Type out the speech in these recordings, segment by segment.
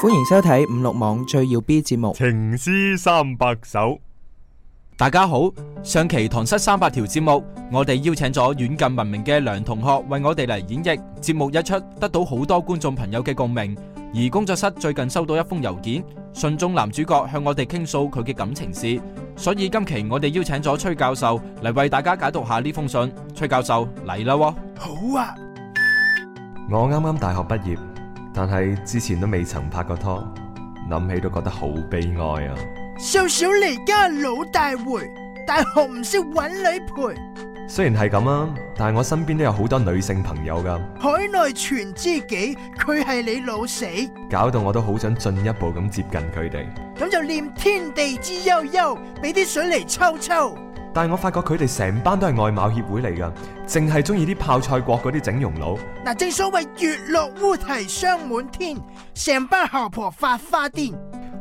歡迎收睇五六網最耀 B 節目《情詩三百首》。大家好，上期《塘鲺三百條》節目，我哋邀請咗遠近聞名嘅梁同學為我哋嚟演繹。節目一出，得到好多觀眾朋友嘅共鳴。而工作室最近收到一封郵件，信中男主角向我哋傾訴佢嘅感情事。.所以今期我哋邀請咗崔教授嚟為大家解讀下呢封信。崔教授嚟啦，哦，好啊！我啱啱大學畢業，但係之前都未曾拍過拖，諗起都覺得好悲哀啊！少小離家老大回，大學唔識揾你陪。雖然係咁啊，但係我身邊都有好多女性朋友噶。海內存知己，佢係你老死，搞到我都好想進一步咁接近佢哋。咁就念天地之悠悠，俾啲水嚟抽抽。但係我發覺佢哋成班都係外貌協會嚟噶，淨係中意啲泡菜國嗰啲整容佬。嗱，正所謂月落烏啼霜滿天，成班姣婆發花癲。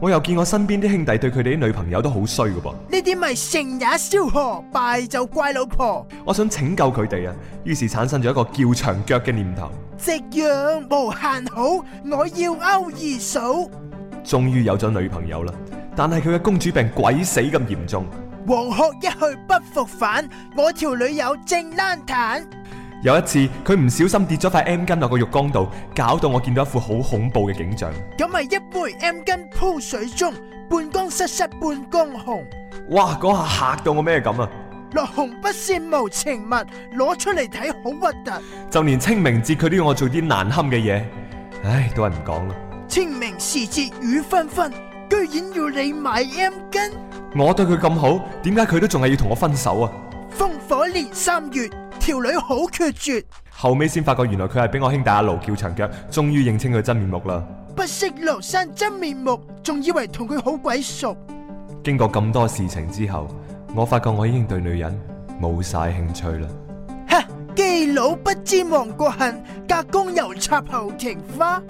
我又見我身邊啲兄弟對佢哋啲女朋友都好衰噶噃。呢啲咪成也蕭何，敗就怪老婆。我想拯救佢哋啊，於是產生咗一個叫長腳嘅念頭。夕陽無限好，我要勾二嫂。終於有咗女朋友啦，但係佢嘅公主病鬼死咁嚴重。黃鶴一去不復返，我條女友正爛彈。有一次佢唔小心跌咗塊 M 巾落個浴缸度，搞到我見到一副好恐怖嘅景象。咁咪一杯 M 巾鋪水中，半江瑟瑟半江紅。哇！嗰下嚇到我咩咁啊？落紅不是無情物，攞出嚟睇好核突。就連清明節佢都要我做啲難堪嘅嘢，唉，都係唔講啦。清明時節雨紛紛，居然要你買 M 巾。我對佢咁好，點解佢都仲係要同我分手啊？烽火連三月，條女好決絕。後尾先發覺原來佢係俾我兄弟阿盧叫長腳，終於認清佢真面目啦。不識廬山真面目，仲以為同佢好鬼熟。經過咁多事情之後，我發覺我已經對女人冇晒興趣啦。哈，基佬不知亡國恨，隔江猶插後庭花。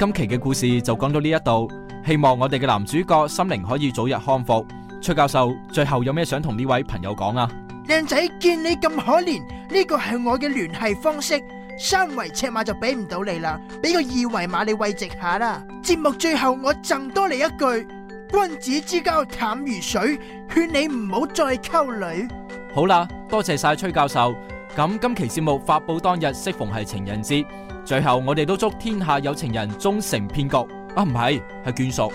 今期嘅故事就講到呢一度，希望我哋嘅男主角心靈可以早日康復。崔教授，最後有咩想同呢位朋友講啊？靚仔，見你咁可憐，呢個係我嘅聯繫方式，三圍尺碼就俾唔到你啦，俾個二維碼你慰藉下啦。節目最後我贈多你一句：君子之交淡如水，勸你唔好再溝女。好啦，多謝晒崔教授。咁今期節目發布當日，適逢係情人節。最後，我哋都祝天下有情人終成騙局，啊，唔係，係眷屬。